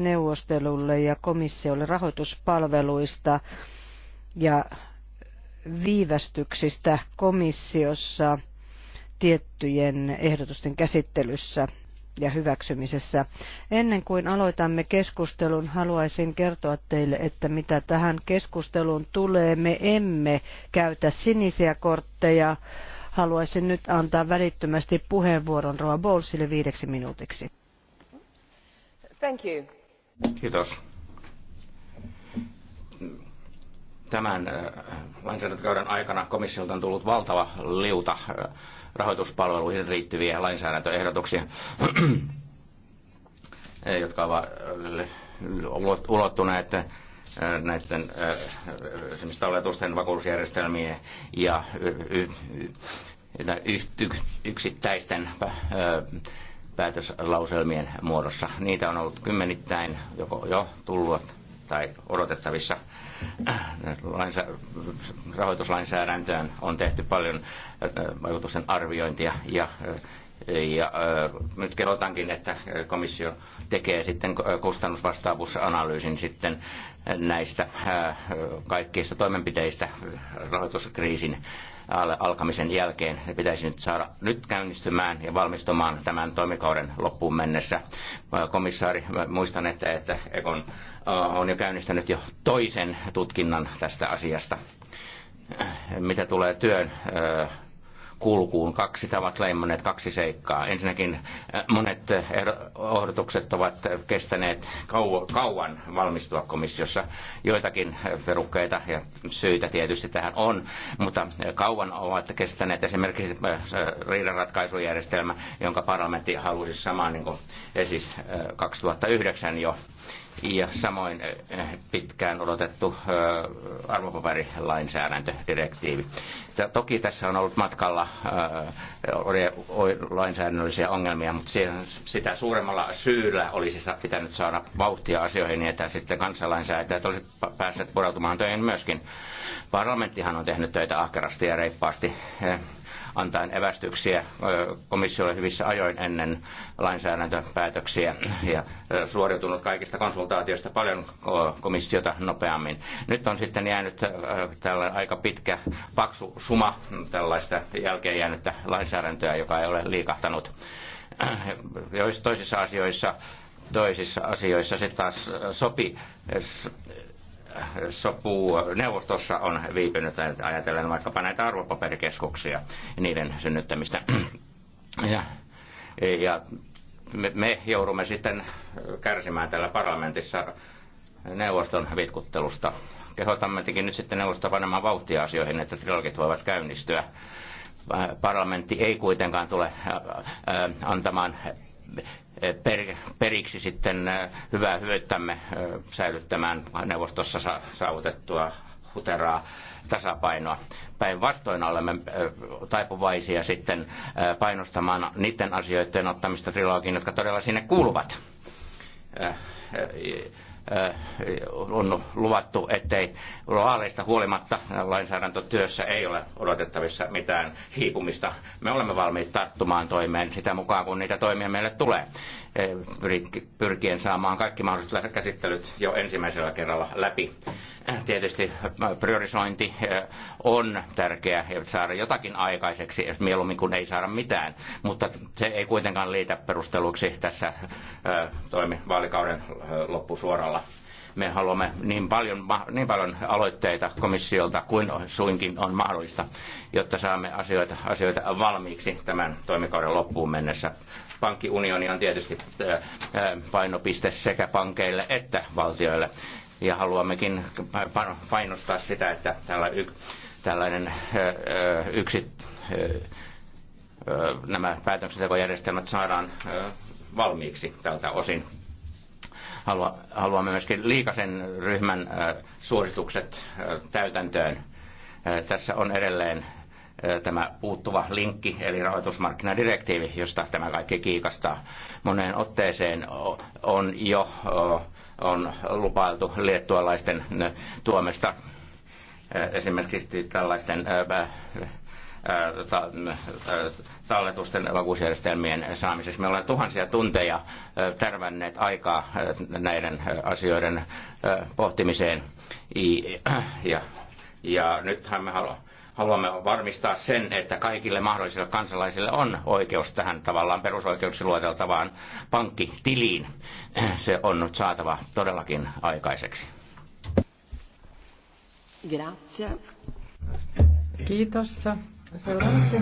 neuvostelulle ja komissiolle rahoituspalveluista ja viivästyksistä komissiossa tiettyjen ehdotusten käsittelyssä ja hyväksymisessä. Ennen kuin aloitamme keskustelun, haluaisin kertoa teille, että mitä tähän keskusteluun tulee. Me emme käytä sinisiä kortteja. Haluaisin nyt antaa välittömästi puheenvuoron Roa Bolsille viideksi minuutiksi. Thank you. Kiitos. Tämän äh, lainsäädäntökauden aikana komissiolta on tullut valtava liuta äh, rahoituspalveluihin riittyviä lainsäädäntöehdotuksia, jotka ovat äh, ulottuneet näiden esimerkiksi talletusten vakuutusjärjestelmien ja yksittäisten päätöslauselmien muodossa. Niitä on ollut kymmenittäin joko jo tullut tai odotettavissa. Lainsä, rahoituslainsäädäntöön on tehty paljon äh, vaikutusten arviointia ja äh, ja äh, nyt kehotankin, että komissio tekee sitten kustannusvastaavuusanalyysin sitten näistä äh, kaikkeista toimenpiteistä rahoituskriisin alkamisen jälkeen. Ne pitäisi nyt saada nyt käynnistymään ja valmistumaan tämän toimikauden loppuun mennessä. Komissaari, muistan, että, että Ekon äh, on jo käynnistänyt jo toisen tutkinnan tästä asiasta. Mitä tulee työn äh, kulkuun. Kaksi tavat leimanneet kaksi seikkaa. Ensinnäkin äh, monet äh, ehdotukset er, ovat kestäneet kauan valmistua komissiossa. Joitakin äh, perukkeita ja syitä tietysti tähän on, mutta kauan ovat kestäneet esimerkiksi riidanratkaisujärjestelmä, jonka parlamentti halusi samaan niin kuin, siis 2009 jo ja samoin eh, pitkään odotettu eh, arvopaperilainsäädäntödirektiivi. Toki tässä on ollut matkalla eh, lainsäädännöllisiä ongelmia, mutta sitä suuremmalla syyllä olisi pitänyt saada vauhtia asioihin niin, että sitten kansalainsäätäjät olisivat päässeet pureutumaan töihin myöskin. Parlamenttihan on tehnyt töitä ahkerasti ja reippaasti antaen evästyksiä komissiolle hyvissä ajoin ennen lainsäädäntöpäätöksiä ja suoriutunut kaikista konsultaatioista paljon komissiota nopeammin. Nyt on sitten jäänyt tällä aika pitkä, paksu suma tällaista jälkeen jäänyttä lainsäädäntöä, joka ei ole liikahtanut. Joissa toisissa asioissa toisissa asioissa se taas sopi sopu neuvostossa on viipynyt, ajatellen vaikkapa näitä arvopaperikeskuksia ja niiden synnyttämistä. Ja, ja me, me joudumme sitten kärsimään täällä parlamentissa neuvoston vitkuttelusta. Kehotamme tietenkin nyt sitten neuvostoa panemaan vauhtia asioihin, että trilogit voivat käynnistyä. Parlamentti ei kuitenkaan tule antamaan per, periksi sitten äh, hyvää hyöttämme äh, säilyttämään neuvostossa saavutettua huteraa tasapainoa. Päinvastoin olemme äh, taipuvaisia sitten painostamaan niiden asioiden ottamista trilogiin, jotka todella sinne kuuluvat Äh, on luvattu, ettei vaaleista huolimatta lainsäädäntötyössä ei ole odotettavissa mitään hiipumista. Me olemme valmiit tarttumaan toimeen sitä mukaan, kun niitä toimia meille tulee, äh, pyrkien saamaan kaikki mahdolliset käsittelyt jo ensimmäisellä kerralla läpi tietysti priorisointi eh, on tärkeä ja saada jotakin aikaiseksi, mieluummin kuin ei saada mitään, mutta se ei kuitenkaan liitä perusteluksi tässä eh, toimi vaalikauden eh, loppusuoralla me haluamme niin paljon, niin paljon aloitteita komissiolta kuin suinkin on mahdollista, jotta saamme asioita, asioita valmiiksi tämän toimikauden loppuun mennessä. Pankkiunioni on tietysti painopiste sekä pankeille että valtioille ja haluammekin painostaa sitä, että tällainen yksi, nämä päätöksentekojärjestelmät saadaan valmiiksi tältä osin. Haluamme myöskin liikasen ryhmän suositukset täytäntöön. Tässä on edelleen tämä puuttuva linkki, eli rahoitusmarkkinadirektiivi, josta tämä kaikki kiikastaa. Moneen otteeseen on jo on lupailtu liettualaisten tuomesta esimerkiksi tällaisten talletusten vakuusjärjestelmien saamiseksi. Me olemme tuhansia tunteja tärvänneet aikaa näiden asioiden pohtimiseen. Ja, ja nythän me haluamme haluamme varmistaa sen, että kaikille mahdollisille kansalaisille on oikeus tähän tavallaan perusoikeuksi luoteltavaan pankkitiliin. Se on nyt saatava todellakin aikaiseksi. Grazie. Kiitos. Seuraavaksi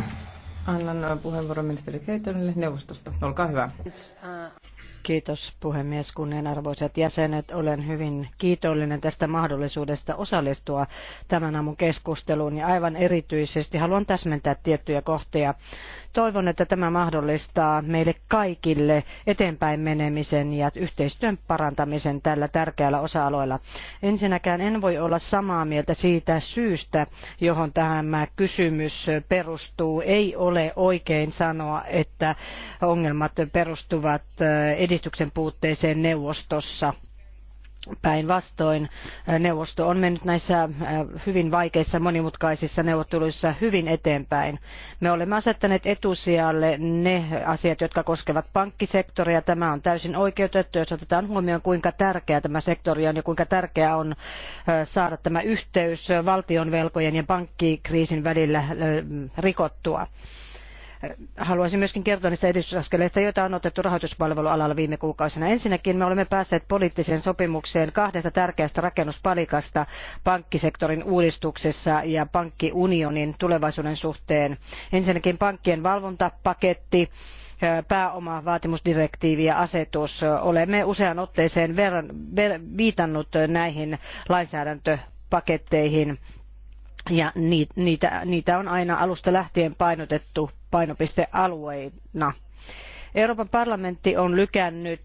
annan puheenvuoron ministeri Keitonille neuvostosta. Olkaa hyvä. Uh, Kiitos puhemies, kunnianarvoiset jäsenet. Olen hyvin kiitollinen tästä mahdollisuudesta osallistua tämän aamun keskusteluun ja aivan erityisesti haluan täsmentää tiettyjä kohtia, Toivon, että tämä mahdollistaa meille kaikille eteenpäin menemisen ja yhteistyön parantamisen tällä tärkeällä osa-alueella. Ensinnäkään en voi olla samaa mieltä siitä syystä, johon tämä kysymys perustuu. Ei ole oikein sanoa, että ongelmat perustuvat edistyksen puutteeseen neuvostossa Päinvastoin neuvosto on mennyt näissä hyvin vaikeissa monimutkaisissa neuvotteluissa hyvin eteenpäin. Me olemme asettaneet etusijalle ne asiat, jotka koskevat pankkisektoria. Tämä on täysin oikeutettu, jos otetaan huomioon kuinka tärkeä tämä sektori on ja kuinka tärkeää on saada tämä yhteys valtionvelkojen ja pankkikriisin välillä rikottua Haluaisin myöskin kertoa niistä edistysaskeleista, joita on otettu rahoituspalvelualalla viime kuukausina. Ensinnäkin me olemme päässeet poliittiseen sopimukseen kahdesta tärkeästä rakennuspalikasta pankkisektorin uudistuksessa ja pankkiunionin tulevaisuuden suhteen. Ensinnäkin pankkien valvontapaketti pääomavaatimusdirektiivi ja asetus. Olemme useaan otteeseen verran, ver, viitannut näihin lainsäädäntöpaketteihin ja niitä, niitä on aina alusta lähtien painotettu painopistealueina Euroopan parlamentti on lykännyt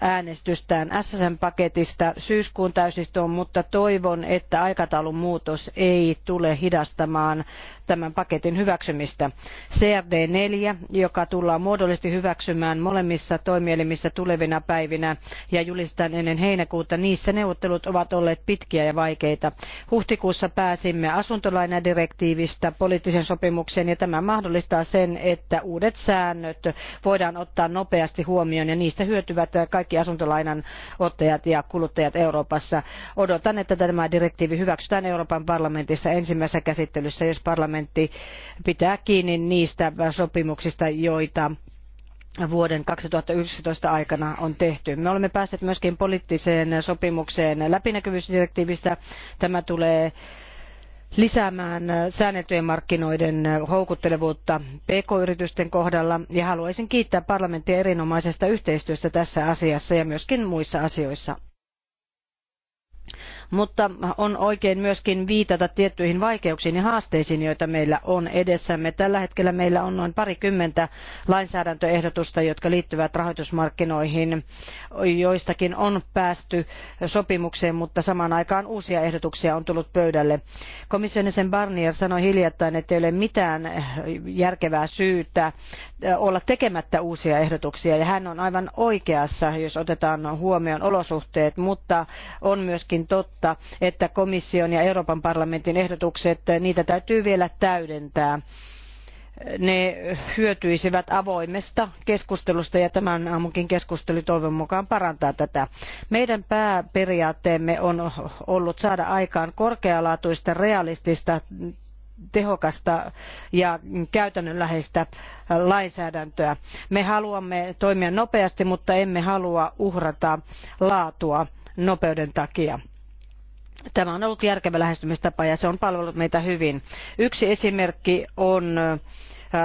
äänestystään SSM-paketista syyskuun täysistuntoon, mutta toivon, että aikataulun muutos ei tule hidastamaan tämän paketin hyväksymistä. CRD 4, joka tullaan muodollisesti hyväksymään molemmissa toimielimissä tulevina päivinä ja julistetaan ennen heinäkuuta, niissä neuvottelut ovat olleet pitkiä ja vaikeita. Huhtikuussa pääsimme asuntolainadirektiivistä poliittisen sopimukseen ja tämä mahdollistaa sen, että uudet säännöt voidaan ottaa nopeasti huomioon ja niistä hyötyvät kaikki asuntolainan ottajat ja kuluttajat Euroopassa. Odotan, että tämä direktiivi hyväksytään Euroopan parlamentissa ensimmäisessä käsittelyssä, jos parlamentti pitää kiinni niistä sopimuksista, joita vuoden 2011 aikana on tehty. Me olemme päässeet myöskin poliittiseen sopimukseen läpinäkyvyysdirektiivistä. Tämä tulee lisäämään säänneltyjen markkinoiden houkuttelevuutta pk yritysten kohdalla ja haluaisin kiittää parlamenttia erinomaisesta yhteistyöstä tässä asiassa ja myöskin muissa asioissa mutta on oikein myöskin viitata tiettyihin vaikeuksiin ja haasteisiin, joita meillä on edessämme. Tällä hetkellä meillä on noin parikymmentä lainsäädäntöehdotusta, jotka liittyvät rahoitusmarkkinoihin. Joistakin on päästy sopimukseen, mutta samaan aikaan uusia ehdotuksia on tullut pöydälle. Komission jäsen Barnier sanoi hiljattain, ettei ole mitään järkevää syytä olla tekemättä uusia ehdotuksia ja hän on aivan oikeassa, jos otetaan huomioon olosuhteet, mutta on myöskin totta, totta, että komission ja Euroopan parlamentin ehdotukset, eh, niitä täytyy vielä täydentää ne hyötyisivät avoimesta keskustelusta ja tämän aamunkin keskustelu toivon mukaan parantaa tätä. Meidän pääperiaatteemme on ollut saada aikaan korkealaatuista, realistista, tehokasta ja käytännönläheistä lainsäädäntöä. Me haluamme toimia nopeasti, mutta emme halua uhrata laatua nopeuden takia Tämä on ollut järkevä lähestymistapa ja se on palvellut meitä hyvin. Yksi esimerkki on äh,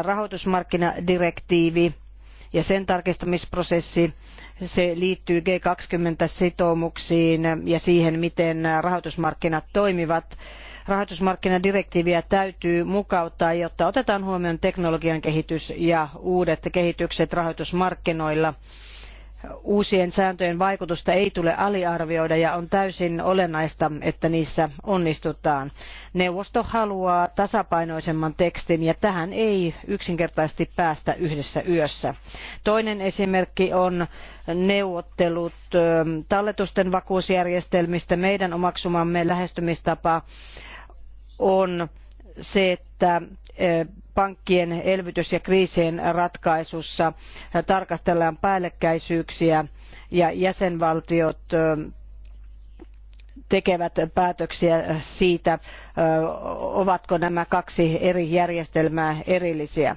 rahoitusmarkkinadirektiivi ja sen tarkistamisprosessi. Se liittyy G20-sitoumuksiin ja siihen, miten äh, rahoitusmarkkinat toimivat. Rahoitusmarkkinadirektiiviä täytyy mukauttaa, jotta otetaan huomioon teknologian kehitys ja uudet kehitykset rahoitusmarkkinoilla – uusien sääntöjen vaikutusta ei tule aliarvioida ja on täysin olennaista, että niissä onnistutaan. Neuvosto haluaa tasapainoisemman tekstin ja tähän ei yksinkertaisesti päästä yhdessä yössä. Toinen esimerkki on neuvottelut talletusten vakuusjärjestelmistä. Meidän omaksumamme lähestymistapa on se, että pankkien elvytys ja kriisien ratkaisussa tarkastellaan päällekkäisyyksiä ja jäsenvaltiot tekevät päätöksiä siitä ovatko nämä kaksi eri järjestelmää erillisiä.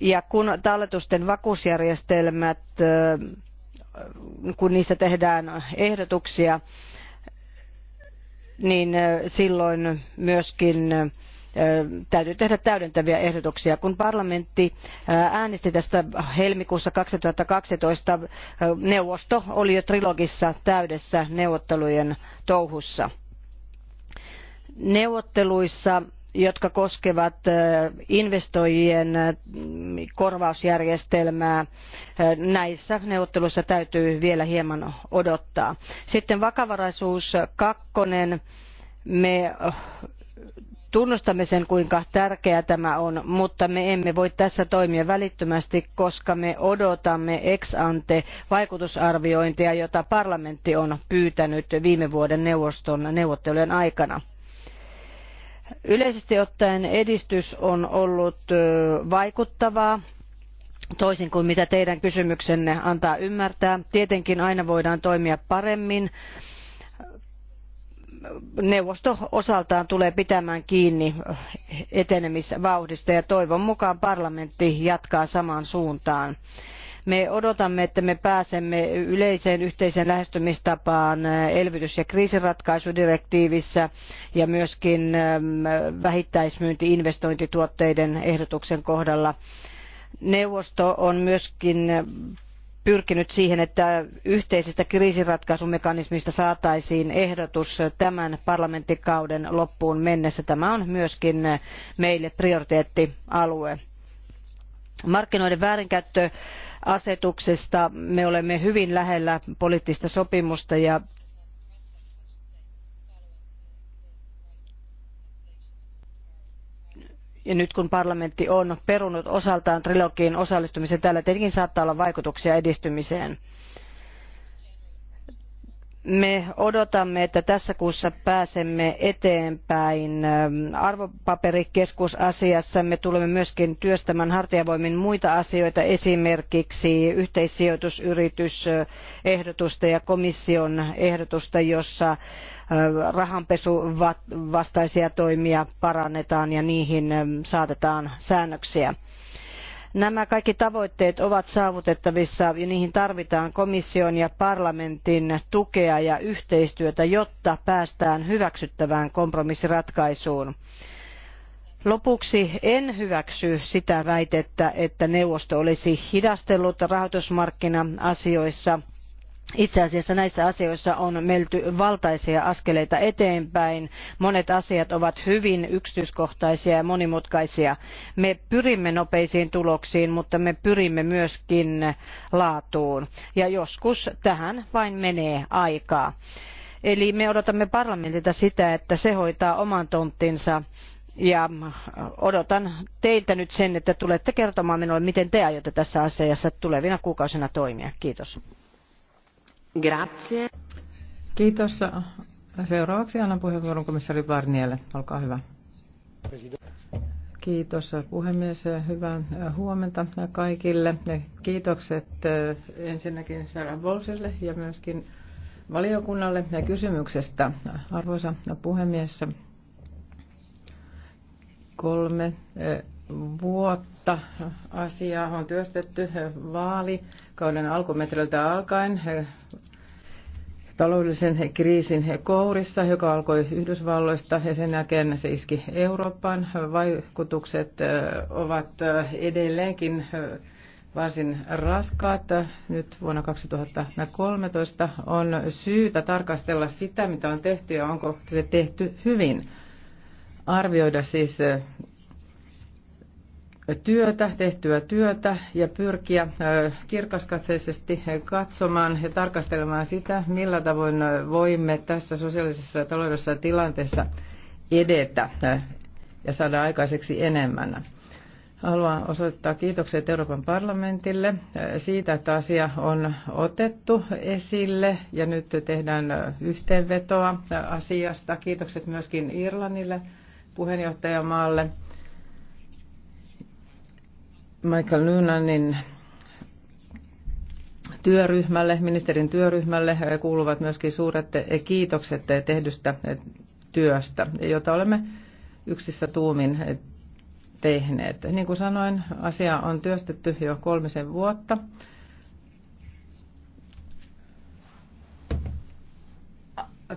Ja kun talletusten vakuusjärjestelmät kun niistä tehdään ehdotuksia niin silloin myöskin täytyy tehdä täydentäviä ehdotuksia. Kun parlamentti äänesti tästä helmikuussa 2012, neuvosto oli jo trilogissa täydessä neuvottelujen touhussa. Neuvotteluissa jotka koskevat investoijien korvausjärjestelmää. Näissä neuvotteluissa täytyy vielä hieman odottaa. Sitten vakavaraisuus kakkonen. Me tunnustamme sen, kuinka tärkeää tämä on, mutta me emme voi tässä toimia välittömästi, koska me odotamme ex ante vaikutusarviointia, jota parlamentti on pyytänyt viime vuoden neuvoston neuvottelujen aikana. Yleisesti ottaen edistys on ollut vaikuttavaa toisin kuin mitä teidän kysymyksenne antaa ymmärtää. Tietenkin aina voidaan toimia paremmin neuvosto osaltaan tulee pitämään kiinni etenemisvauhdista ja toivon mukaan parlamentti jatkaa samaan suuntaan. Me odotamme, että me pääsemme yleiseen yhteiseen lähestymistapaan elvytys- ja kriisinratkaisudirektiivissä ja myöskin ähm, vähittäismyynti-investointituotteiden ehdotuksen kohdalla neuvosto on myöskin pyrkinyt siihen, että yhteisestä kriisinratkaisumekanismista saataisiin ehdotus tämän parlamenttikauden loppuun mennessä. Tämä on myöskin meille prioriteettialue. Markkinoiden väärinkäyttöasetuksesta me olemme hyvin lähellä poliittista sopimusta ja ja nyt kun parlamentti on perunut osaltaan trilogiin osallistumisen tällä tietenkin saattaa olla vaikutuksia edistymiseen me odotamme, että tässä kuussa pääsemme eteenpäin ähm, arvopaperikeskusasiassa. Me tulemme myöskin työstämään hartiavoimin muita asioita, esimerkiksi yhteissijoitusyritysehdotusta ja komission ehdotusta, jossa äh, vastaisia toimia parannetaan ja niihin ähm, saatetaan säännöksiä Nämä kaikki tavoitteet ovat saavutettavissa ja niihin tarvitaan komission ja parlamentin tukea ja yhteistyötä, jotta päästään hyväksyttävään kompromissiratkaisuun. Lopuksi en hyväksy sitä väitettä, että neuvosto olisi hidastellut rahoitusmarkkina-asioissa itse asiassa näissä asioissa on menty valtaisia askeleita eteenpäin. Monet asiat ovat hyvin yksityiskohtaisia ja monimutkaisia. Me pyrimme nopeisiin tuloksiin, mutta me pyrimme myöskin laatuun. Ja joskus tähän vain menee aikaa. Eli me odotamme parlamentilta sitä, että se hoitaa oman tonttinsa ja odotan teiltä nyt sen, että tulette kertomaan minulle, miten te aiotte tässä asiassa tulevina kuukausina toimia. Kiitos. Grazie. Kiitos. Seuraavaksi annan puheenvuoron komissaari Barnielle. Olkaa hyvä. Kiitos puhemies. Hyvää huomenta kaikille. Kiitokset eh, ensinnäkin Sarah Bolsille ja myöskin valiokunnalle kysymyksestä. Arvoisa puhemies, kolme eh, vuotta asiaa on työstetty eh, vaalikauden alkumetreiltä alkaen taloudellisen kriisin kourissa, joka alkoi Yhdysvalloista ja sen jälkeen se iski Eurooppaan. Vaikutukset ovat edelleenkin varsin raskaat. Nyt vuonna 2013 on syytä tarkastella sitä, mitä on tehty ja onko se tehty hyvin. Arvioida siis työtä, tehtyä työtä ja pyrkiä kirkaskatseisesti katsomaan ja tarkastelemaan sitä, millä tavoin voimme tässä sosiaalisessa ja taloudellisessa tilanteessa edetä ja saada aikaiseksi enemmän. Haluan osoittaa kiitokset Euroopan parlamentille siitä, että asia on otettu esille ja nyt tehdään yhteenvetoa asiasta. Kiitokset myöskin Irlannille puheenjohtajamaalle Michael Noonanin työryhmälle, ministerin työryhmälle kuuluvat myöskin suuret kiitokset tehdystä työstä, jota olemme yksissä tuumin tehneet. Niin kuin sanoin, asia on työstetty jo kolmisen vuotta.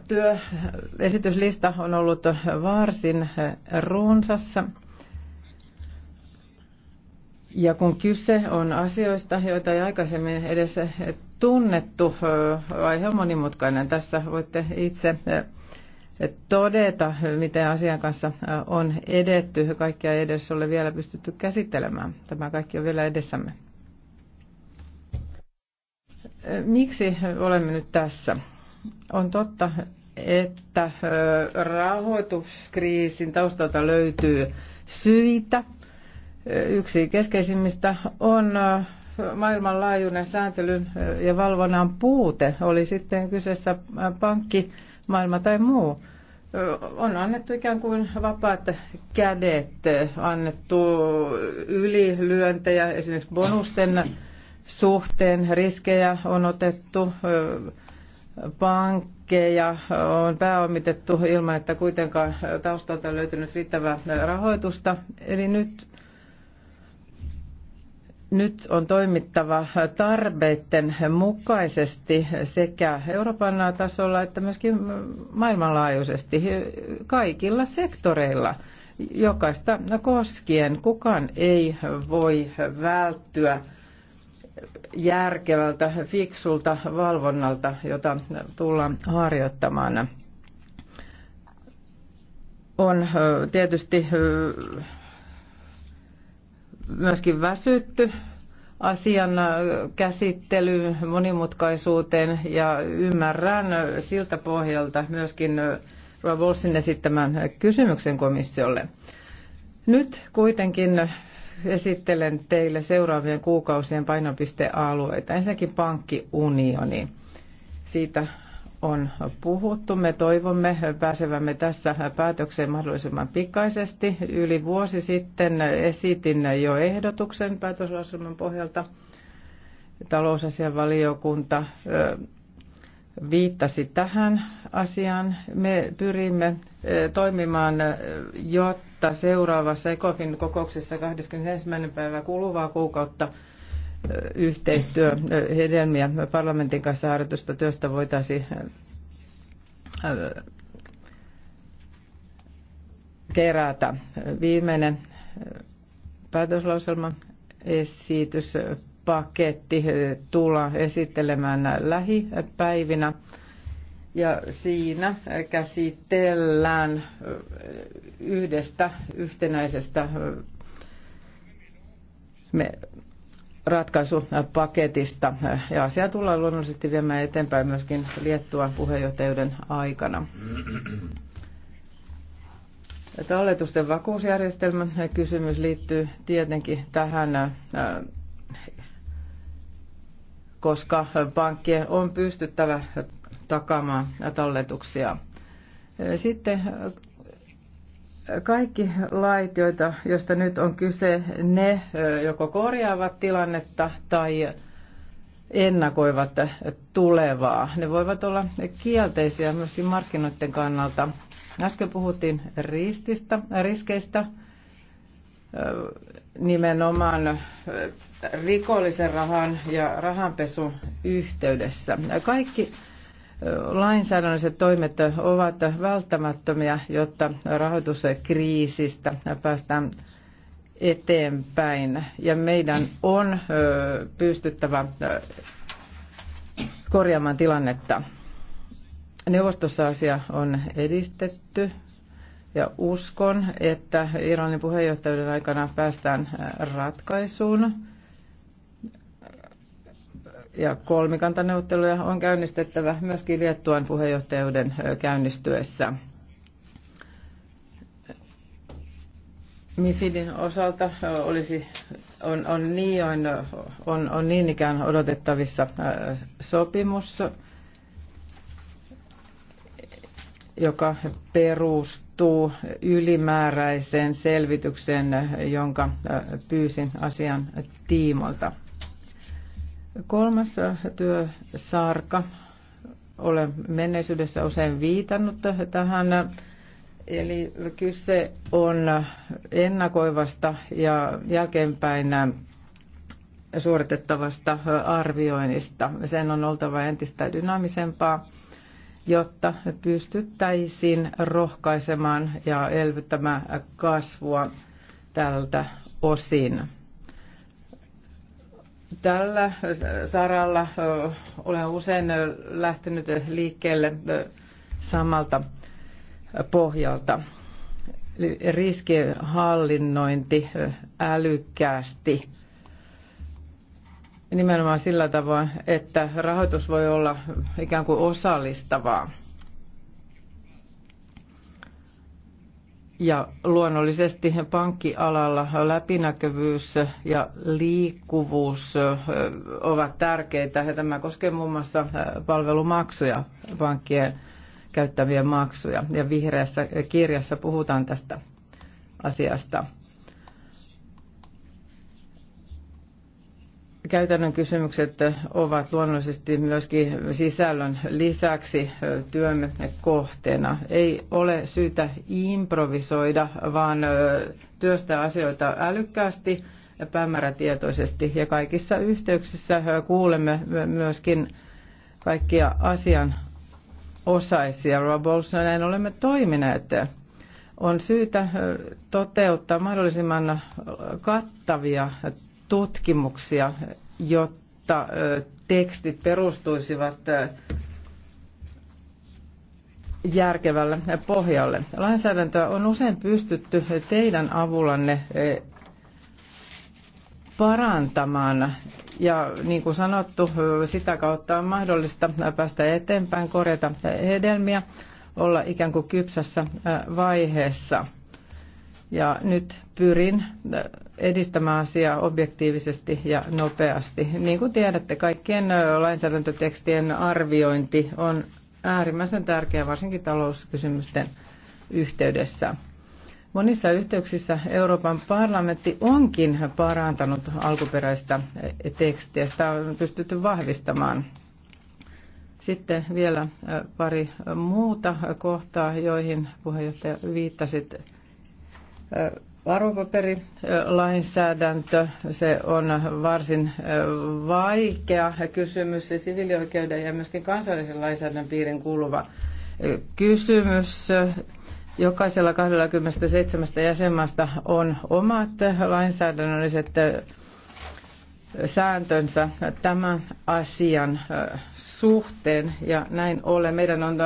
Työesityslista on ollut varsin runsassa. Ja kun kyse on asioista, joita ei aikaisemmin edes tunnettu, aihe on monimutkainen. Tässä voitte itse todeta, miten asian kanssa on edetty. Kaikkia ei edes ole vielä pystytty käsittelemään. Tämä kaikki on vielä edessämme. Miksi olemme nyt tässä? On totta, että rahoituskriisin taustalta löytyy syitä – Yksi keskeisimmistä on maailmanlaajuinen sääntelyn ja valvonnan puute, oli sitten kyseessä pankki, maailma tai muu. On annettu ikään kuin vapaat kädet, annettu ylilyöntejä esimerkiksi bonusten suhteen, riskejä on otettu, pankkeja on pääomitettu ilman, että kuitenkaan taustalta on löytynyt riittävää rahoitusta. Eli nyt nyt on toimittava tarpeiden mukaisesti sekä Euroopan tasolla että myöskin maailmanlaajuisesti kaikilla sektoreilla. Jokaista koskien kukaan ei voi välttyä järkevältä, fiksulta valvonnalta, jota tullaan harjoittamaan. On tietysti myöskin väsytty asian käsittelyyn, monimutkaisuuteen ja ymmärrän siltä pohjalta myöskin Ravolsin esittämän kysymyksen komissiolle. Nyt kuitenkin esittelen teille seuraavien kuukausien painopistealueita. Ensinnäkin pankkiunioni. Siitä on puhuttu. Me toivomme pääsevämme tässä päätökseen mahdollisimman pikaisesti. Yli vuosi sitten esitin jo ehdotuksen päätöslauselman pohjalta. Talousasianvaliokunta viittasi tähän asiaan. Me pyrimme toimimaan, jotta seuraavassa ECOFIN kokouksessa 21. päivä kuluvaa kuukautta – yhteistyö hedelmiä parlamentin kanssa harjoitusta työstä voitaisiin kerätä. Viimeinen päätöslauselma esityspaketti tullaan esittelemään lähipäivinä. Ja siinä käsitellään yhdestä yhtenäisestä me ratkaisupaketista. Ja asiaa tullaan luonnollisesti viemään eteenpäin myöskin Liettuan puheenjohtajuuden aikana. Talletusten vakuusjärjestelmän kysymys liittyy tietenkin tähän, äh, koska pankkien on pystyttävä takaamaan talletuksia. Sitten kaikki lait, joita, joista nyt on kyse, ne joko korjaavat tilannetta tai ennakoivat tulevaa. Ne voivat olla kielteisiä myöskin markkinoiden kannalta. Äsken puhuttiin riskistä, riskeistä, nimenomaan rikollisen rahan ja rahanpesun yhteydessä. Kaikki lainsäädännölliset toimet ovat välttämättömiä, jotta rahoituskriisistä päästään eteenpäin. Ja meidän on pystyttävä korjaamaan tilannetta. Neuvostossa asia on edistetty ja uskon, että Iranin puheenjohtajuuden aikana päästään ratkaisuun ja kolmikantaneuvotteluja on käynnistettävä myöskin Liettuan puheenjohtajuuden käynnistyessä. Mifidin osalta olisi, on, on, niin, on, on, on niin ikään odotettavissa sopimus, joka perustuu ylimääräiseen selvitykseen, jonka pyysin asian tiimolta. Kolmas äh, työsarka. Olen menneisyydessä usein viitannut tähän. Eli kyse on ennakoivasta ja jälkeenpäin äh, suoritettavasta äh, arvioinnista. Sen on oltava entistä dynaamisempaa, jotta pystyttäisiin rohkaisemaan ja elvyttämään kasvua tältä osin. Tällä äh, saralla äh, olen usein äh, lähtenyt liikkeelle samalta pohjalta. Eli riskien älykkäästi nimenomaan sillä tavoin, että rahoitus voi olla ikään kuin osallistavaa. Ja luonnollisesti pankkialalla läpinäkyvyys ja liikkuvuus ovat tärkeitä. Ja tämä koskee muun muassa palvelumaksuja, pankkien käyttäviä maksuja. Ja vihreässä kirjassa puhutaan tästä asiasta. Käytännön kysymykset ovat luonnollisesti myöskin sisällön lisäksi työmme kohteena. Ei ole syytä improvisoida, vaan työstää asioita älykkäästi, päämäärätietoisesti ja kaikissa yhteyksissä kuulemme myöskin kaikkia asian osaisia. Robols, näin olemme toimineet. On syytä toteuttaa mahdollisimman kattavia tutkimuksia, jotta tekstit perustuisivat järkevälle pohjalle. Lainsäädäntöä on usein pystytty teidän avullanne parantamaan. Ja niin kuin sanottu, sitä kautta on mahdollista päästä eteenpäin, korjata hedelmiä, olla ikään kuin kypsässä vaiheessa. Ja nyt pyrin äh, edistämään asiaa objektiivisesti ja nopeasti. Niin kuin tiedätte, kaikkien äh, lainsäädäntötekstien arviointi on äärimmäisen tärkeää, varsinkin talouskysymysten yhteydessä. Monissa yhteyksissä Euroopan parlamentti onkin parantanut alkuperäistä äh, tekstiä. Sitä on pystytty vahvistamaan. Sitten vielä pari muuta kohtaa, joihin puheenjohtaja viittasit. Arvopaperilainsäädäntö, se on varsin vaikea kysymys, se sivilioikeuden ja myöskin kansallisen lainsäädännön piirin kuuluva kysymys. Jokaisella 27 jäsenmaasta on omat lainsäädännölliset sääntönsä tämän asian suhteen ja näin ollen meidän on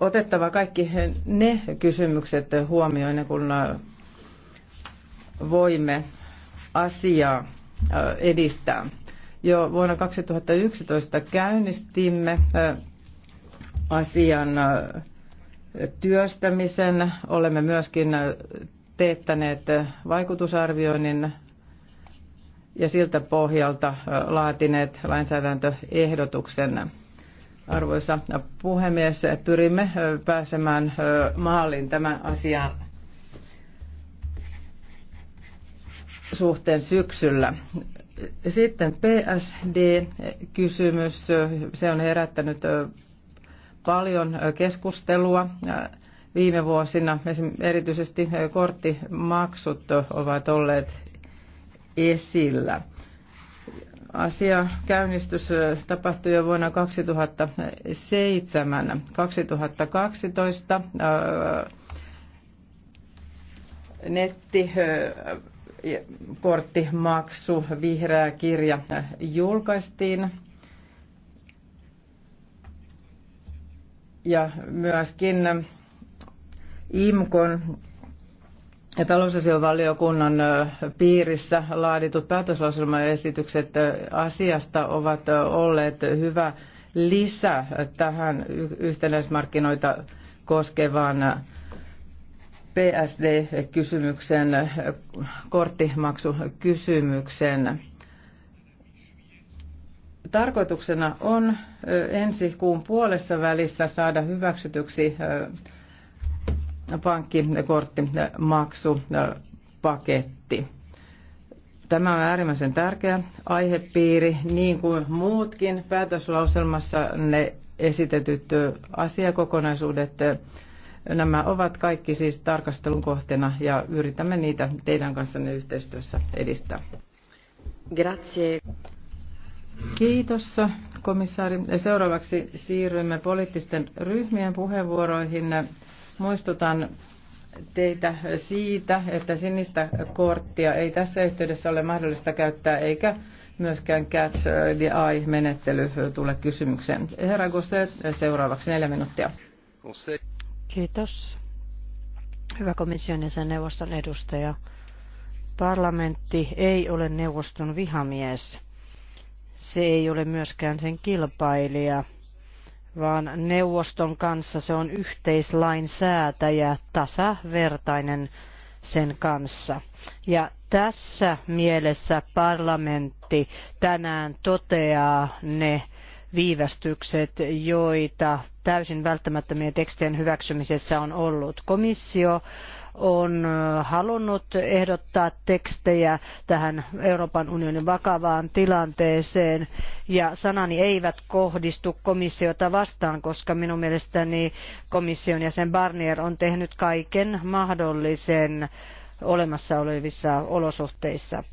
otettava kaikki ne kysymykset huomioon, kun äh, voimme asiaa äh, edistää. Jo vuonna 2011 käynnistimme äh, asian työstämisen. Olemme myöskin teettäneet vaikutusarvioinnin ja siltä pohjalta laatineet lainsäädäntöehdotuksen. Arvoisa puhemies, pyrimme pääsemään maaliin tämän asian suhteen syksyllä. Sitten PSD-kysymys. Se on herättänyt paljon keskustelua viime vuosina. Erityisesti korttimaksut ovat olleet esillä asia käynnistys tapahtui jo vuonna 2007. 2012 nettikorttimaksu, vihreä kirja julkaistiin. Ja myöskin IMKON ja talousasiovaliokunnan piirissä laaditut päätöslauselmaesitykset asiasta ovat olleet hyvä lisä tähän yhtenäismarkkinoita koskevaan PSD-kysymyksen, korttimaksukysymyksen. Tarkoituksena on ensi kuun puolessa välissä saada hyväksytyksi pankkikorttimaksupaketti. Tämä on äärimmäisen tärkeä aihepiiri, niin kuin muutkin päätöslauselmassa ne esitetyt asiakokonaisuudet. Nämä ovat kaikki siis tarkastelun kohteena ja yritämme niitä teidän kanssanne yhteistyössä edistää. Grazie. Kiitos, komissaari. Seuraavaksi siirrymme poliittisten ryhmien puheenvuoroihin. Muistutan teitä siitä, että sinistä korttia ei tässä yhteydessä ole mahdollista käyttää, eikä myöskään catch the eye-menettely tule kysymykseen. Herra Gosset, seuraavaksi neljä minuuttia. Kiitos. Hyvä komission ja sen neuvoston edustaja. Parlamentti ei ole neuvoston vihamies. Se ei ole myöskään sen kilpailija vaan neuvoston kanssa se on yhteislainsäätäjä, tasavertainen sen kanssa. Ja tässä mielessä parlamentti tänään toteaa ne viivästykset, joita täysin välttämättömien tekstien hyväksymisessä on ollut. Komissio on halunnut ehdottaa tekstejä tähän Euroopan unionin vakavaan tilanteeseen ja sanani eivät kohdistu komissiota vastaan, koska minun mielestäni komission jäsen Barnier on tehnyt kaiken mahdollisen olemassa olevissa olosuhteissa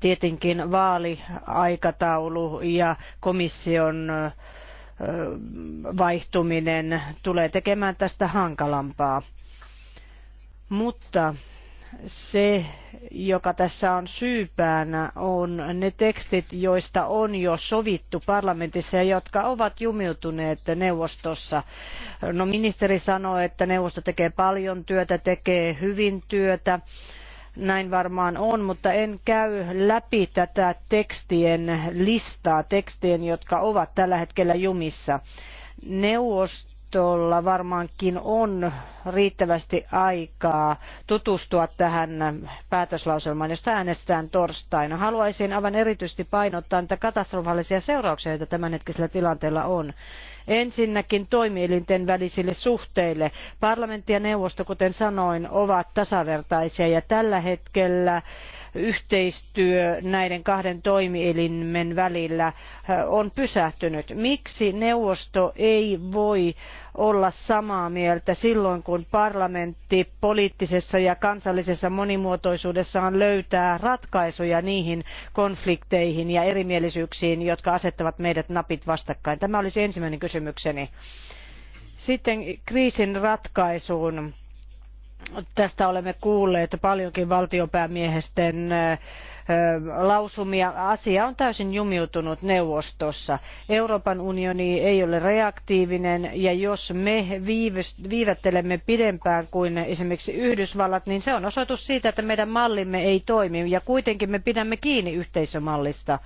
tietenkin vaaliaikataulu ja komission vaihtuminen tulee tekemään tästä hankalampaa. Mutta se, joka tässä on syypäänä, on ne tekstit, joista on jo sovittu parlamentissa ja jotka ovat jumiutuneet neuvostossa. No ministeri sanoi, että neuvosto tekee paljon työtä, tekee hyvin työtä. Näin varmaan on, mutta en käy läpi tätä tekstien listaa, tekstien, jotka ovat tällä hetkellä jumissa. Neuvosto neuvostolla varmaankin on riittävästi aikaa tutustua tähän päätöslauselmaan, josta äänestetään torstaina. Haluaisin aivan erityisesti painottaa niitä katastrofaalisia seurauksia, joita tämänhetkisellä tilanteella on. Ensinnäkin toimielinten välisille suhteille. Parlamentti ja neuvosto, kuten sanoin, ovat tasavertaisia ja tällä hetkellä yhteistyö näiden kahden toimielimen välillä on pysähtynyt. Miksi neuvosto ei voi olla samaa mieltä silloin, kun parlamentti poliittisessa ja kansallisessa monimuotoisuudessaan löytää ratkaisuja niihin konflikteihin ja erimielisyyksiin, jotka asettavat meidät napit vastakkain. Tämä olisi ensimmäinen kysymykseni. Sitten kriisin ratkaisuun. Tästä olemme kuulleet paljonkin valtionpäämiehesten lausumia. Asia on täysin jumiutunut neuvostossa. Euroopan unioni ei ole reaktiivinen ja jos me viivättelemme pidempään kuin esimerkiksi Yhdysvallat, niin se on osoitus siitä, että meidän mallimme ei toimi ja kuitenkin me pidämme kiinni yhteisömallista.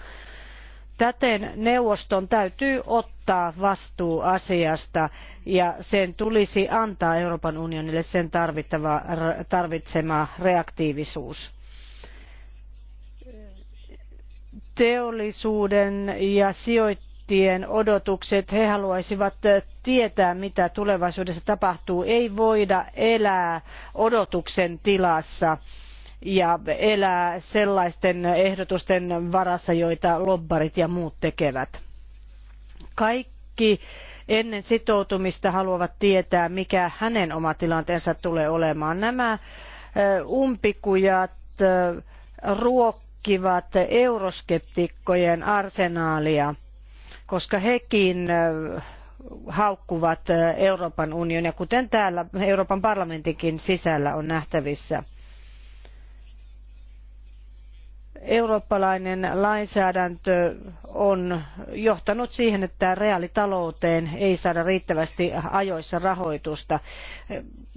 Täten neuvoston täytyy ottaa vastuu asiasta ja sen tulisi antaa Euroopan unionille sen tarvittava, tarvitsema reaktiivisuus. teollisuuden ja sijoittajien odotukset. He haluaisivat tietää, mitä tulevaisuudessa tapahtuu. Ei voida elää odotuksen tilassa ja elää sellaisten ehdotusten varassa, joita lobbarit ja muut tekevät. Kaikki ennen sitoutumista haluavat tietää, mikä hänen oma tilanteensa tulee olemaan. Nämä umpikujat ruokkivat tutkivat euroskeptikkojen arsenaalia, koska hekin haukkuvat Euroopan unionia, kuten täällä Euroopan parlamentinkin sisällä on nähtävissä. Eurooppalainen lainsäädäntö on johtanut siihen, että reaalitalouteen ei saada riittävästi ajoissa rahoitusta.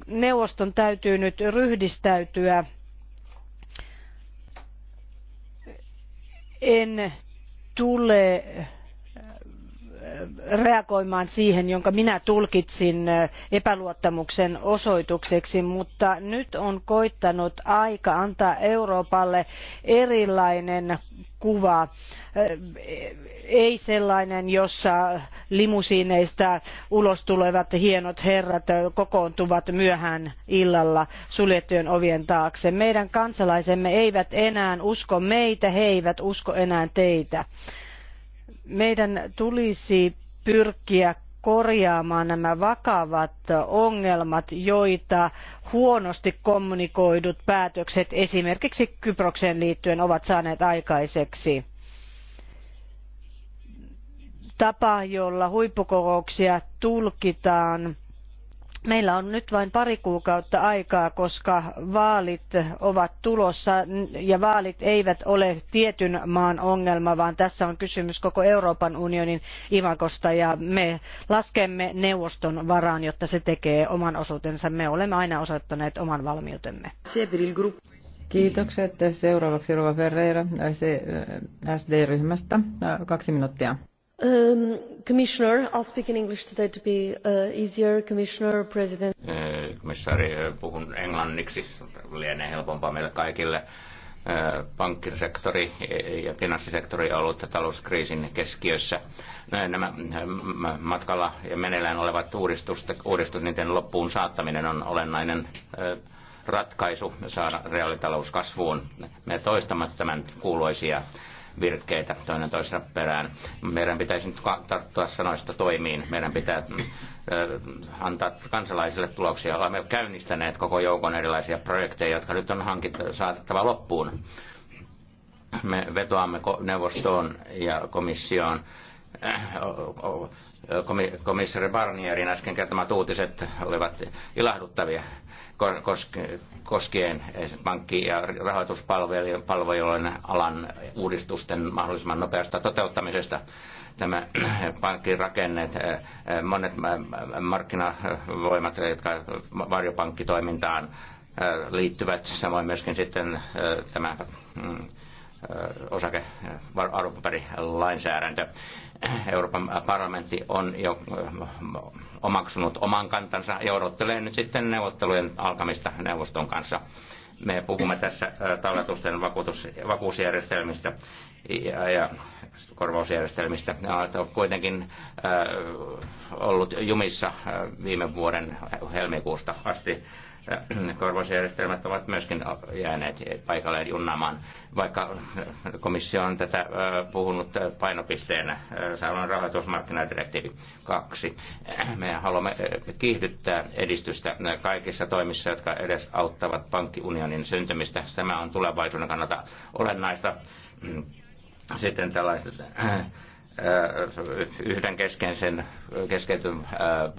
Neuvoston täytyy nyt ryhdistäytyä en tule reagoimaan siihen, jonka minä tulkitsin epäluottamuksen osoitukseksi, mutta nyt on koittanut aika antaa Euroopalle erilainen kuva. Ei sellainen, jossa limusiineista ulos tulevat hienot herrat kokoontuvat myöhään illalla suljettujen ovien taakse. Meidän kansalaisemme eivät enää usko meitä, he eivät usko enää teitä. Meidän tulisi pyrkiä korjaamaan nämä vakavat ongelmat, joita huonosti kommunikoidut päätökset esimerkiksi Kyprokseen liittyen ovat saaneet aikaiseksi. Tapa, jolla huippukokouksia tulkitaan, Meillä on nyt vain pari kuukautta aikaa, koska vaalit ovat tulossa ja vaalit eivät ole tietyn maan ongelma, vaan tässä on kysymys koko Euroopan unionin imakosta ja me laskemme neuvoston varaan, jotta se tekee oman osuutensa. Me olemme aina osoittaneet oman valmiutemme. Kiitokset. Seuraavaksi Rova Ferreira SD-ryhmästä. Äh, Kaksi minuuttia. Um, Commissioner, I'll speak in English today to be uh, easier. Commissioner, President. Komissaari, puhun englanniksi, lienee helpompaa meille kaikille. Pankkisektori e, e, ja finanssisektori on ollut talouskriisin keskiössä. Nämä matkalla ja meneillään olevat uudistukset, uudistus, niiden loppuun saattaminen on olennainen e, ratkaisu saada reaalitalous kasvuun. Me toistamme tämän kuuluisia virkkeitä toinen toisensa perään. Meidän pitäisi nyt tarttua sanoista toimiin. Meidän pitää mm, antaa kansalaisille tuloksia. Olemme käynnistäneet koko joukon erilaisia projekteja, jotka nyt on hankittu, saatettava loppuun. Me vetoamme neuvostoon ja komissioon komissari Barnierin äsken kertomat uutiset olivat ilahduttavia koskien pankki- ja rahoituspalvelujen alan uudistusten mahdollisimman nopeasta toteuttamisesta. Tämä pankkirakenneet, monet markkinavoimat, jotka varjopankkitoimintaan liittyvät, samoin myöskin sitten tämä mm, osake arvopaperilainsäädäntö. Euroopan parlamentti on jo omaksunut oman kantansa ja odottelee nyt sitten neuvottelujen alkamista neuvoston kanssa. Me puhumme tässä talletusten vakuutus, vakuusjärjestelmistä ja, ja korvausjärjestelmistä. Ne ovat kuitenkin äh, ollut jumissa viime vuoden helmikuusta asti korvausjärjestelmät ovat myöskin jääneet paikalleen junnamaan, vaikka komissio on tätä puhunut painopisteenä, on rahoitusmarkkinadirektiivi 2. Me haluamme kiihdyttää edistystä kaikissa toimissa, jotka edes auttavat pankkiunionin syntymistä. Tämä on tulevaisuuden kannalta olennaista. Mm. Sitten tällaiset yhden keskeisen keskeytyn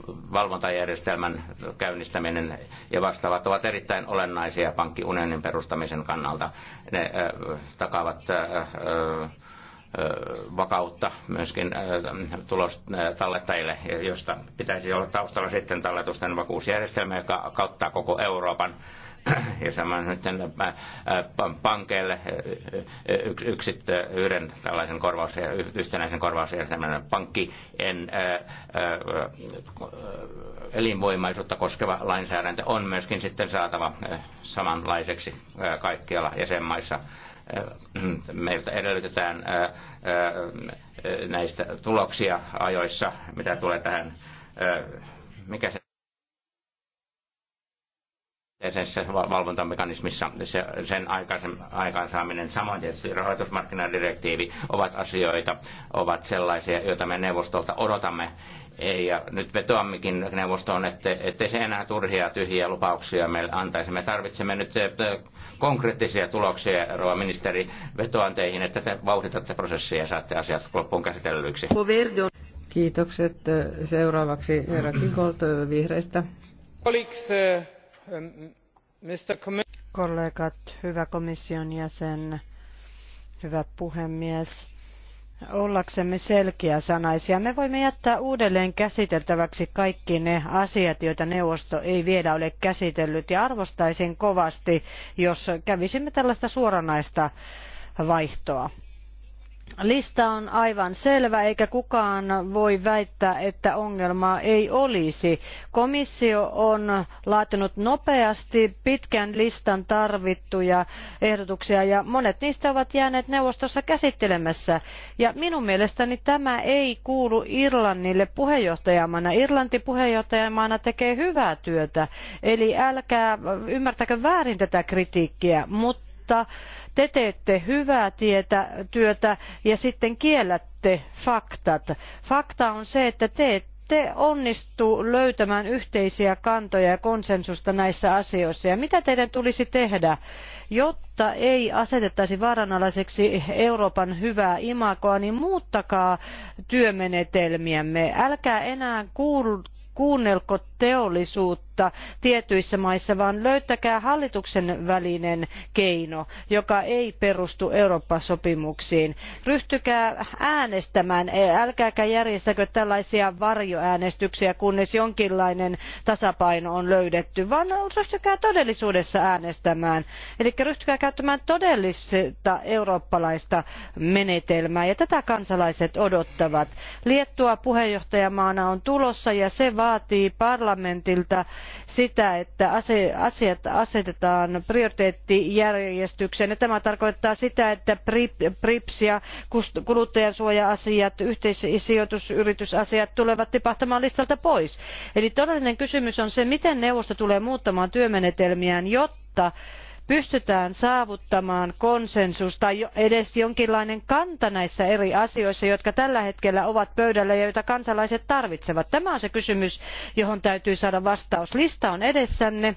valvontajärjestelmän käynnistäminen ja vastaavat ovat erittäin olennaisia pankkiunionin perustamisen kannalta. Ne takaavat vakautta myöskin tallettajille, josta pitäisi olla taustalla sitten talletusten vakuusjärjestelmä, joka kauttaa koko Euroopan ja saman sitten äh, äh, pankeille äh, yksit, yhden tällaisen korvaus, yhtenäisen korvausjärjestelmän pankki en, elinvoimaisuutta koskeva lainsäädäntö on myöskin sitten saatava samanlaiseksi kaikkialla jäsenmaissa meiltä edellytetään näistä tuloksia ajoissa, mitä tulee tähän, mikä se tässä valvontamekanismissa se, sen aikaansaaminen, samoin tietysti rahoitusmarkkinadirektiivi ovat asioita, ovat sellaisia, joita me neuvostolta odotamme. Ei Ja nyt vetoammekin neuvostoon, että, ettei se enää turhia tyhjiä lupauksia meille antaisi. Me tarvitsemme nyt äh, konkreettisia tuloksia, rouva ministeri. Vetoan teihin, että te vauhditatte prosessia ja saatte asiat loppuun käsitellyiksi. Kiitokset. Seuraavaksi herra Kikolt vihreistä. Oliko se äh, Ähm, Kollegat, hyvä komission jäsen, hyvä puhemies. Ollaksemme selkeäsanaisia, me voimme jättää uudelleen käsiteltäväksi kaikki ne asiat, joita neuvosto ei vielä ole käsitellyt, ja arvostaisin kovasti, jos kävisimme tällaista suoranaista vaihtoa. Lista on aivan selvä, eikä kukaan voi väittää, että ongelmaa ei olisi. Komissio on laatinut nopeasti pitkän listan tarvittuja ehdotuksia ja monet niistä ovat jääneet neuvostossa käsittelemässä. Ja minun mielestäni tämä ei kuulu Irlannille puheenjohtajamaana. Irlanti puheenjohtajamaana tekee hyvää työtä, eli älkää ymmärtäkö väärin tätä kritiikkiä, mutta mutta te teette hyvää tietä, työtä ja sitten kiellätte faktat. Fakta on se, että te ette onnistu löytämään yhteisiä kantoja ja konsensusta näissä asioissa ja mitä teidän tulisi tehdä jotta ei asetettaisi vaaranalaiseksi Euroopan hyvää imagoa, niin muuttakaa työmenetelmiämme. Älkää enää kuul- kuunnelko teollisuutta kautta tietyissä maissa, vaan löytäkää hallituksen välinen keino, joka ei perustu Eurooppa-sopimuksiin. Ryhtykää äänestämään, älkääkä järjestäkö tällaisia varjoäänestyksiä, kunnes jonkinlainen tasapaino on löydetty, vaan ryhtykää todellisuudessa äänestämään. Eli ryhtykää käyttämään todellista eurooppalaista menetelmää, ja tätä kansalaiset odottavat. Liettua puheenjohtajamaana on tulossa, ja se vaatii parlamentilta sitä, että asiat asetetaan prioriteettijärjestykseen. Ja tämä tarkoittaa sitä, että PRIPS ja kuluttajansuoja-asiat, yhteissijoitusyritysasiat tulevat tipahtamaan listalta pois. Eli todellinen kysymys on se, miten neuvosto tulee muuttamaan työmenetelmiään, jotta jotta pystytään saavuttamaan konsensus tai edes jonkinlainen kanta näissä eri asioissa, jotka tällä hetkellä ovat pöydällä ja joita kansalaiset tarvitsevat. Tämä on se kysymys, johon täytyy saada vastaus. Lista on edessänne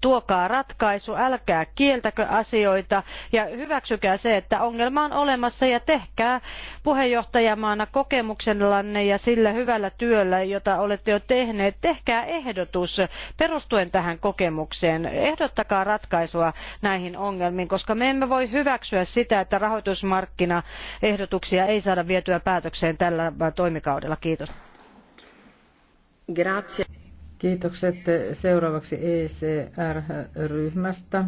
tuokaa ratkaisu, älkää kieltäkö asioita ja hyväksykää se, että ongelma on olemassa ja tehkää puheenjohtajamaana kokemuksellanne ja sillä hyvällä työllä, jota olette jo tehneet, tehkää ehdotus perustuen tähän kokemukseen. Ehdottakaa ratkaisua näihin ongelmiin, koska me emme voi hyväksyä sitä, että rahoitusmarkkinaehdotuksia ei saada vietyä päätökseen tällä toimikaudella. Kiitos. Grazie. Kiitokset seuraavaksi ECR-ryhmästä.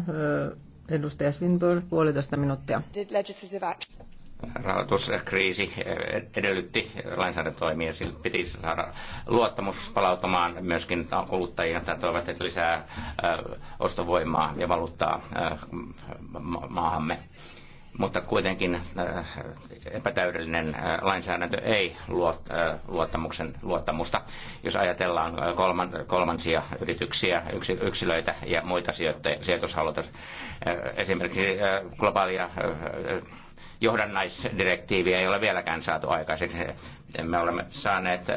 Edustaja Svinborg, puolitoista minuuttia. Rahoituskriisi edellytti lainsäädäntötoimia, sillä piti saada luottamus palautumaan myöskin kuluttajia, Tämä toivat lisää ostovoimaa ja valuuttaa maahamme mutta kuitenkin äh, epätäydellinen äh, lainsäädäntö ei luo äh, luottamuksen, luottamusta. Jos ajatellaan kolman, kolmansia yrityksiä, yksilöitä ja muita sijoitushaluja, esimerkiksi globaalia johdannaisdirektiiviä ei ole vieläkään saatu aikaiseksi. Me olemme saaneet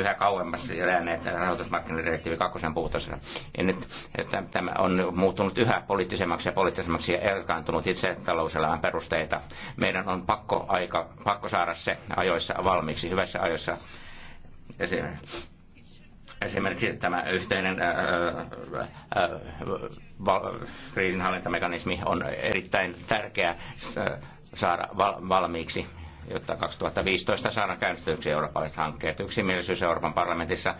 yhä kauemmas jääneet rahoitusmarkkinadirektiivi kakkosen puutossa. Ja nyt tämä on muuttunut yhä poliittisemmaksi ja poliittisemmaksi ja erkaantunut itse talouselämän perusteita. Meidän on pakko, aika, pakko saada se ajoissa valmiiksi, hyvässä ajoissa. Esimerkiksi tämä yhteinen äh, äh, äh, kriisinhallintamekanismi on erittäin tärkeä saada valmiiksi jotta 2015 saadaan käynnistetyksi eurooppalaiset hankkeet. Yksimielisyys Euroopan parlamentissa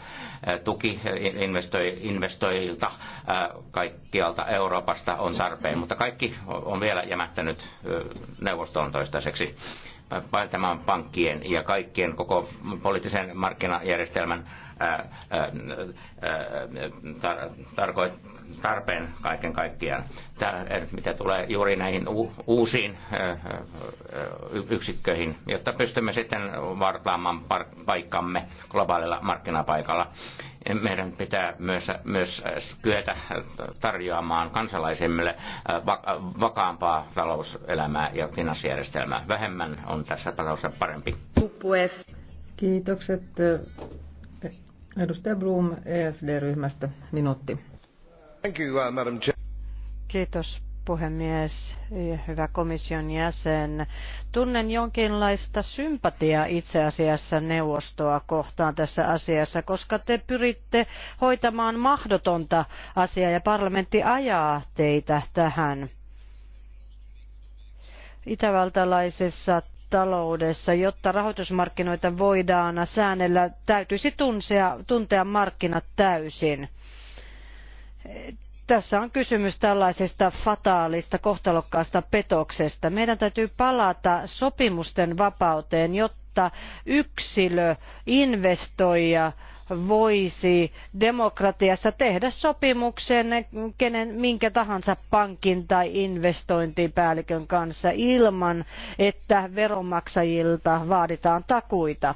tuki investoi, investoijilta kaikkialta Euroopasta on tarpeen, mutta kaikki on vielä jämättänyt neuvostoon toistaiseksi paitamaan pankkien ja kaikkien koko poliittisen markkinajärjestelmän ää, tarpeen kaiken kaikkiaan. Tämä, er, mitä tulee juuri näihin uusiin yksikköihin, jotta pystymme sitten vartaamaan paikkamme globaalilla markkinapaikalla. Meidän pitää myös, myös kyetä tarjoamaan kansalaisemmille vakaampaa talouselämää ja finanssijärjestelmää. Vähemmän on tässä talous parempi. Kiitokset. Edustaja Blum EFD-ryhmästä minuutti. Uh, Kiitos puhemies, hyvä komission jäsen. Tunnen jonkinlaista sympatiaa itse asiassa neuvostoa kohtaan tässä asiassa, koska te pyritte hoitamaan mahdotonta asiaa ja parlamentti ajaa teitä tähän. Itävaltalaisessa taloudessa, jotta rahoitusmarkkinoita voidaan säännellä, täytyisi tuntea, tuntea markkinat täysin tässä on kysymys tällaisesta fataalista kohtalokkaasta petoksesta. meidän täytyy palata sopimusten vapauteen jotta yksilö investoija voisi demokratiassa tehdä sopimuksen kenen, minkä tahansa pankin tai investointipäällikön kanssa ilman että veronmaksajilta vaaditaan takuita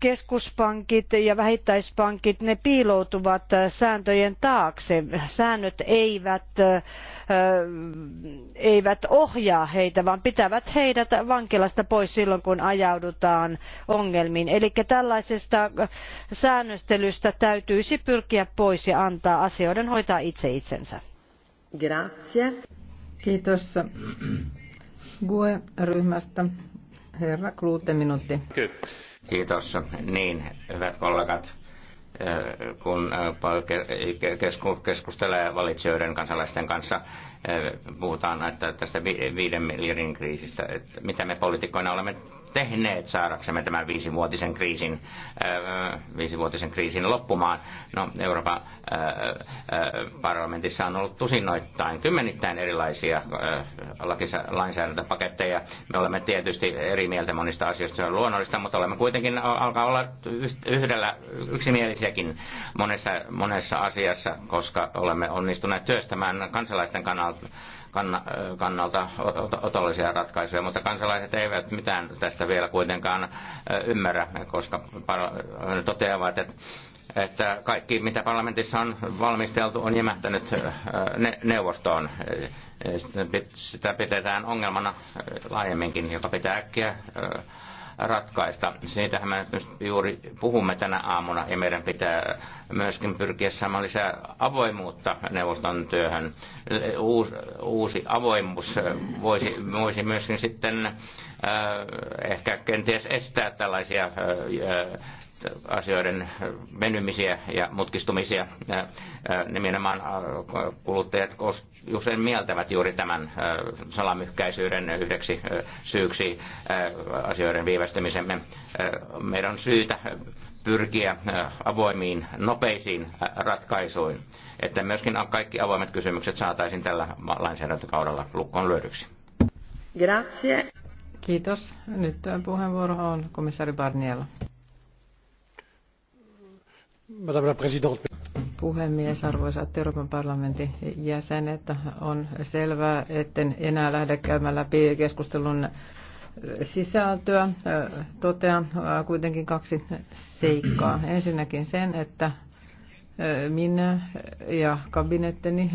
keskuspankit ja vähittäispankit ne piiloutuvat äh, sääntöjen taakse. Säännöt eivät, äh, äh, eivät ohjaa heitä, vaan pitävät heidät vankilasta pois silloin, kun ajaudutaan ongelmiin. Eli tällaisesta säännöstelystä täytyisi pyrkiä pois ja antaa asioiden hoitaa itse itsensä. Grazie. Kiitos. GUE-ryhmästä herra Klute minuutti. Kiitos. Niin, hyvät kollegat, kun keskustelee valitsijoiden kansalaisten kanssa, puhutaan että tästä viiden miljardin kriisistä, että mitä me poliitikkoina olemme tehneet saadaksemme tämän viisivuotisen kriisin, äh, viisivuotisen kriisin loppumaan. No, Euroopan äh, äh, parlamentissa on ollut tusinoittain, kymmenittäin erilaisia lainsäädäntöpaketteja. Me olemme tietysti eri mieltä monista asioista, se on luonnollista, mutta olemme kuitenkin alkaa olla yhdellä yksimielisiäkin monessa, monessa asiassa, koska olemme onnistuneet työstämään kansalaisten kannalta kannalta otollisia ratkaisuja, mutta kansalaiset eivät mitään tästä vielä kuitenkaan ymmärrä, koska toteavat, että että kaikki, mitä parlamentissa on valmisteltu, on jämähtänyt neuvostoon. Sitä pidetään ongelmana laajemminkin, joka pitää äkkiä ratkaista. Siitähän me juuri puhumme tänä aamuna ja meidän pitää myöskin pyrkiä saamaan lisää avoimuutta neuvoston työhön. Uusi, uusi avoimuus voisi, voisi myöskin sitten äh, ehkä kenties estää tällaisia äh, äh asioiden menymisiä ja mutkistumisia. Äh, äh, nimenomaan kuluttajat usein mieltävät juuri tämän salamyhkäisyyden yhdeksi syyksi asioiden viivästymisemme. Meidän on syytä pyrkiä avoimiin, nopeisiin ratkaisuihin, että myöskin kaikki avoimet kysymykset saataisiin tällä lainsäädäntökaudella lukkoon lyödyksi. Grazie. Kiitos. Nyt puheenvuoro on komissaari Barniella. Madame la présidente, puhemies, arvoisat Euroopan parlamentin jäsenet. On selvää, etten enää lähde käymään läpi keskustelun sisältöä. Totean kuitenkin kaksi seikkaa. Ensinnäkin sen, että minä ja kabinetteni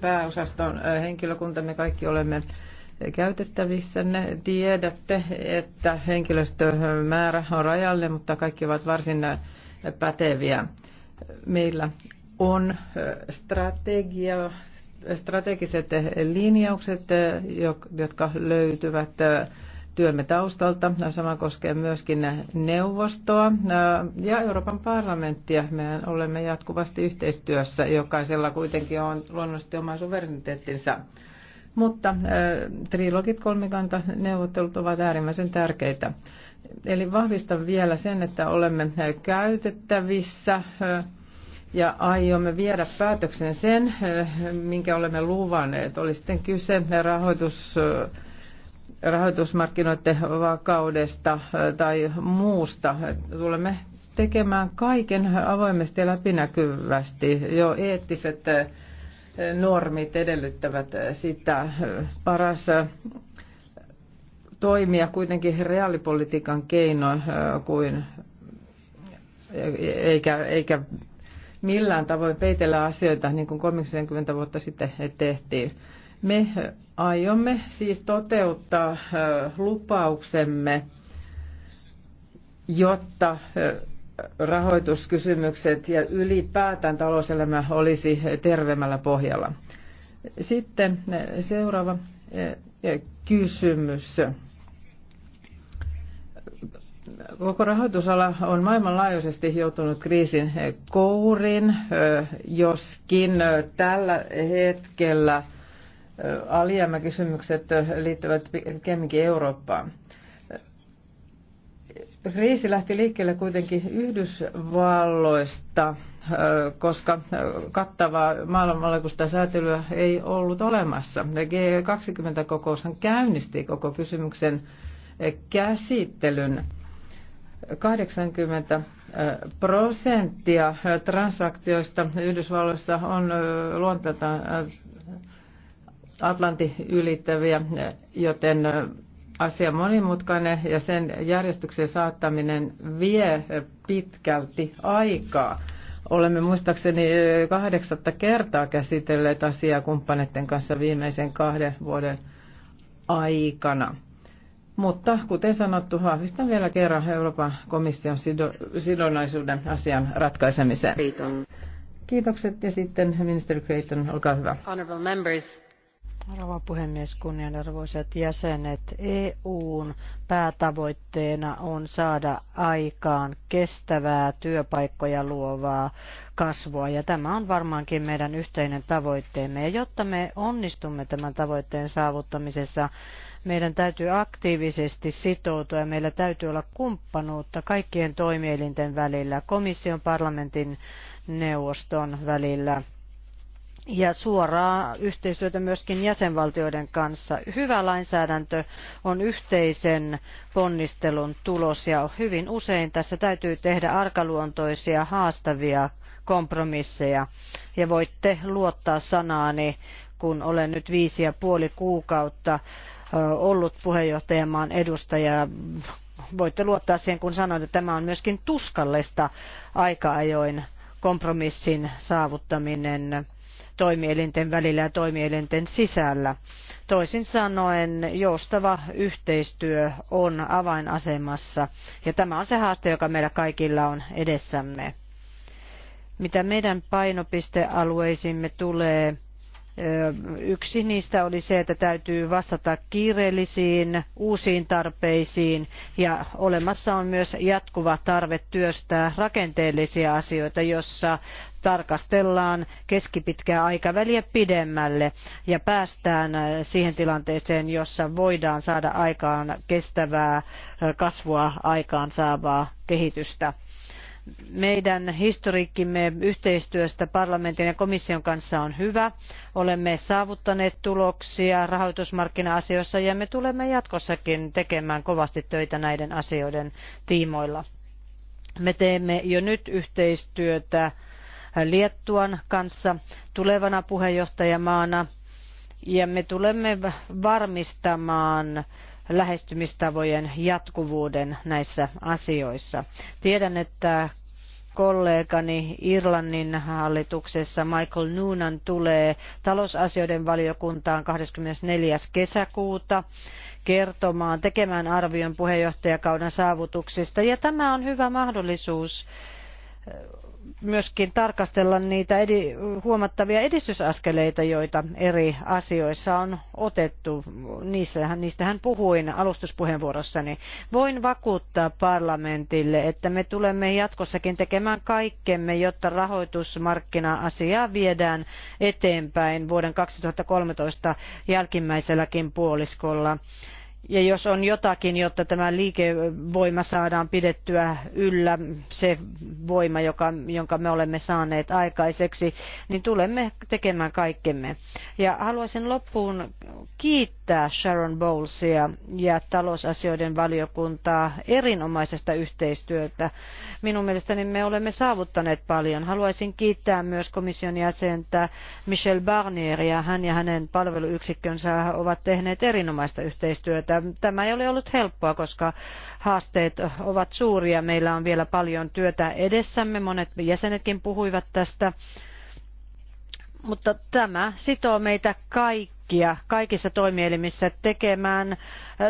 pääosaston henkilökunta, me kaikki olemme Ne Tiedätte, että henkilöstömäärä on rajallinen, mutta kaikki ovat varsin päteviä. Meillä on strategia, strategiset linjaukset, jotka löytyvät työmme taustalta. Sama koskee myöskin neuvostoa ja Euroopan parlamenttia. me olemme jatkuvasti yhteistyössä. Jokaisella kuitenkin on luonnollisesti oma suvereniteettinsä. Mutta trilogit, kolmikanta, neuvottelut ovat äärimmäisen tärkeitä. Eli vahvistan vielä sen, että olemme käytettävissä ja aiomme viedä päätöksen sen, minkä olemme luvanneet. Oli sitten kyse rahoitus, rahoitusmarkkinoiden vakaudesta tai muusta. Tulemme tekemään kaiken avoimesti ja läpinäkyvästi. Jo eettiset normit edellyttävät sitä. Paras toimia kuitenkin reaalipolitiikan keinoin kuin eikä, eikä millään tavoin peitellä asioita, niin kuin 30 vuotta sitten tehtiin. Me aiomme siis toteuttaa lupauksemme, jotta rahoituskysymykset ja ylipäätään talouselämä olisi terveemmällä pohjalla. Sitten seuraava kysymys. Koko rahoitusala on maailmanlaajuisesti joutunut kriisin eh, kouriin, eh, joskin eh, tällä hetkellä alijäämäkysymykset liittyvät pikemminkin Eurooppaan. Kriisi lähti liikkeelle kuitenkin Yhdysvalloista, koska kattavaa maailmanlaajuista säätelyä ei ollut olemassa. G20-kokoushan käynnisti koko kysymyksen käsittelyn 80 prosenttia transaktioista Yhdysvalloissa on luonteeltaan Atlantin ylittäviä, joten asia monimutkainen ja sen järjestyksen saattaminen vie pitkälti aikaa. Olemme muistaakseni kahdeksatta kertaa käsitelleet asiaa kumppaneiden kanssa viimeisen kahden vuoden aikana. Mutta kuten sanottu, vahvistan vielä kerran Euroopan komission sidonnaisuuden asian ratkaisemiseen. Kiitokset ja sitten ministeri Creighton, olkaa hyvä. Honorable members. Arvoisa puhemies, kunnianarvoisat jäsenet, EUn päätavoitteena on saada aikaan kestävää työpaikkoja luovaa kasvua ja tämä on varmaankin meidän yhteinen tavoitteemme. Ja jotta me onnistumme tämän tavoitteen saavuttamisessa, meidän täytyy aktiivisesti sitoutua ja meillä täytyy olla kumppanuutta kaikkien toimielinten välillä, komission, parlamentin, neuvoston välillä – ja suoraa yhteistyötä myöskin jäsenvaltioiden kanssa. Hyvä lainsäädäntö on yhteisen ponnistelun tulos ja hyvin usein tässä täytyy tehdä arkaluontoisia haastavia kompromisseja ja voitte luottaa sanaani, kun olen nyt viisi ja puoli kuukautta ollut puheenjohtajamaan edustaja voitte luottaa siihen, kun sanoin, että tämä on myöskin tuskallista aika ajoin kompromissin saavuttaminen toimielinten välillä ja toimielinten sisällä. Toisin sanoen joustava yhteistyö on avainasemassa ja tämä on se haaste, joka meillä kaikilla on edessämme. Mitä meidän painopistealueisimme tulee, Yksi niistä oli se, että täytyy vastata kiireellisiin uusiin tarpeisiin ja olemassa on myös jatkuva tarve työstää rakenteellisia asioita, jossa tarkastellaan keskipitkää aikaväliä pidemmälle ja päästään siihen tilanteeseen, jossa voidaan saada aikaan kestävää kasvua aikaan saavaa kehitystä. Meidän historiikkimme yhteistyöstä parlamentin ja komission kanssa on hyvä. Olemme saavuttaneet tuloksia rahoitusmarkkina-asioissa ja me tulemme jatkossakin tekemään kovasti töitä näiden asioiden tiimoilla. Me teemme jo nyt yhteistyötä Liettuan kanssa tulevana puheenjohtajamaana ja me tulemme varmistamaan lähestymistavojen jatkuvuuden näissä asioissa. Tiedän, että kollegani Irlannin hallituksessa Michael Noonan tulee talousasioiden valiokuntaan 24. kesäkuuta kertomaan, tekemään arvion puheenjohtajakauden saavutuksista. Ja tämä on hyvä mahdollisuus myöskin tarkastella niitä huomattavia edistysaskeleita, joita eri asioissa on otettu. niistähän puhuin alustuspuheenvuorossani. Voin vakuuttaa parlamentille, että me tulemme jatkossakin tekemään kaikkemme, jotta rahoitusmarkkina-asiaa viedään eteenpäin vuoden kolmetoista jälkimmäiselläkin puoliskolla ja jos on jotakin, jotta tämä liikevoima saadaan pidettyä yllä, se voima, joka, jonka me olemme saaneet aikaiseksi, niin tulemme tekemään kaikkemme. Ja haluaisin loppuun kiittää Sharon Bowlesia ja talousasioiden valiokuntaa erinomaisesta yhteistyötä. Minun mielestäni me olemme saavuttaneet paljon. Haluaisin kiittää myös komission jäsentä Michel Barnieria. Hän ja hänen palveluyksikkönsä ovat tehneet erinomaista yhteistyötä että Tämä ei ole ollut helppoa, koska haasteet ovat suuria. Meillä on vielä paljon työtä edessämme. Monet jäsenetkin puhuivat tästä. Mutta tämä sitoo meitä kaikkia kaikissa toimielimissä tekemään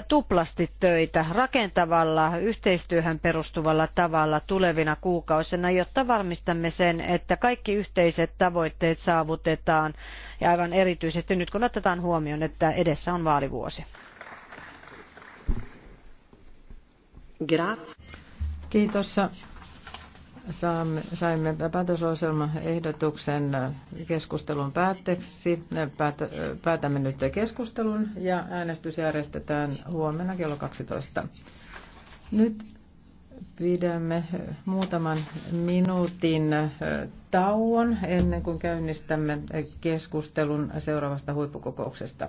tuplasti töitä rakentavalla yhteistyöhön perustuvalla tavalla tulevina kuukausina, jotta varmistamme sen, että kaikki yhteiset tavoitteet saavutetaan ja aivan erityisesti nyt kun otetaan huomioon, että edessä on vaalivuosi. Kiitos. Saamme, saimme päätöslauselman ehdotuksen keskustelun päätteeksi. päätämme nyt keskustelun ja äänestys järjestetään huomenna kello 12. Nyt pidämme muutaman minuutin tauon ennen kuin käynnistämme keskustelun seuraavasta huippukokouksesta.